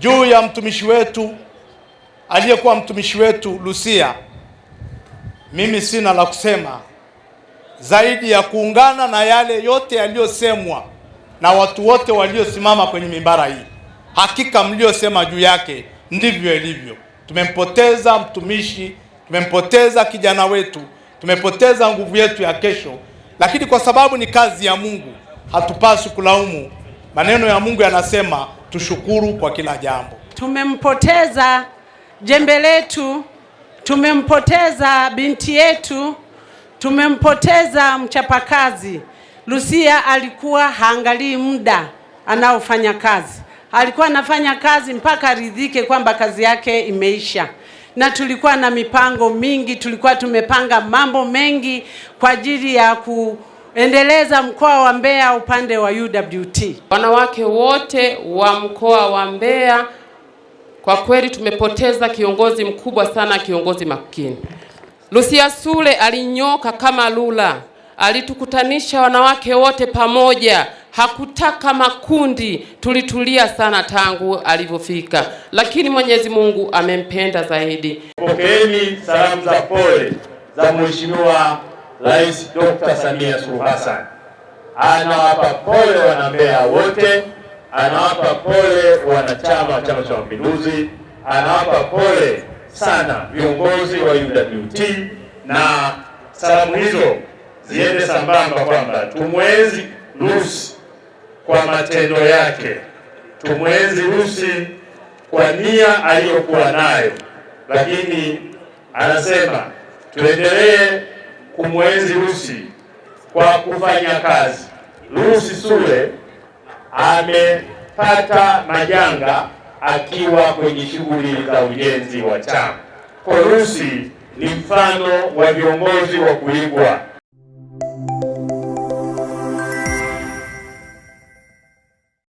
juu ya mtumishi wetu aliyekuwa mtumishi wetu Lucia. Mimi sina la kusema zaidi ya kuungana na yale yote yaliyosemwa na watu wote waliosimama kwenye mimbara hii. Hakika mliosema juu yake ndivyo ilivyo. Tumempoteza mtumishi, tumempoteza kijana wetu, tumepoteza nguvu yetu ya kesho, lakini kwa sababu ni kazi ya Mungu hatupaswi kulaumu. Maneno ya Mungu yanasema tushukuru kwa kila jambo. Tumempoteza jembe letu, tumempoteza binti yetu, tumempoteza mchapakazi. Lucia alikuwa haangalii muda anaofanya kazi, alikuwa anafanya kazi mpaka aridhike kwamba kazi yake imeisha na tulikuwa na mipango mingi, tulikuwa tumepanga mambo mengi kwa ajili ya ku endeleza mkoa wa Mbeya upande wa UWT. Wanawake wote wa mkoa wa Mbeya, kwa kweli tumepoteza kiongozi mkubwa sana, kiongozi makini. Lucia Sule alinyoka kama lula, alitukutanisha wanawake wote pamoja, hakutaka makundi. Tulitulia sana tangu alivyofika, lakini Mwenyezi Mungu amempenda zaidi. Pokeeni salamu za pole za mheshimiwa Rais Dr. Samia Suluhu Hassan anawapa pole wana Mbeya wote, anawapa pole wanachama wa Chama cha Mapinduzi, anawapa pole sana viongozi wa UWT, na salamu hizo ziende sambamba kwamba tumwenzi rusi kwa matendo yake, tumwenzi rusi kwa nia aliyokuwa nayo, lakini anasema tuendelee kumwenzi rusi kwa kufanya kazi. rusi Sule amepata majanga akiwa kwenye shughuli za ujenzi wa chama. Kwa rusi ni mfano wa viongozi wa kuigwa.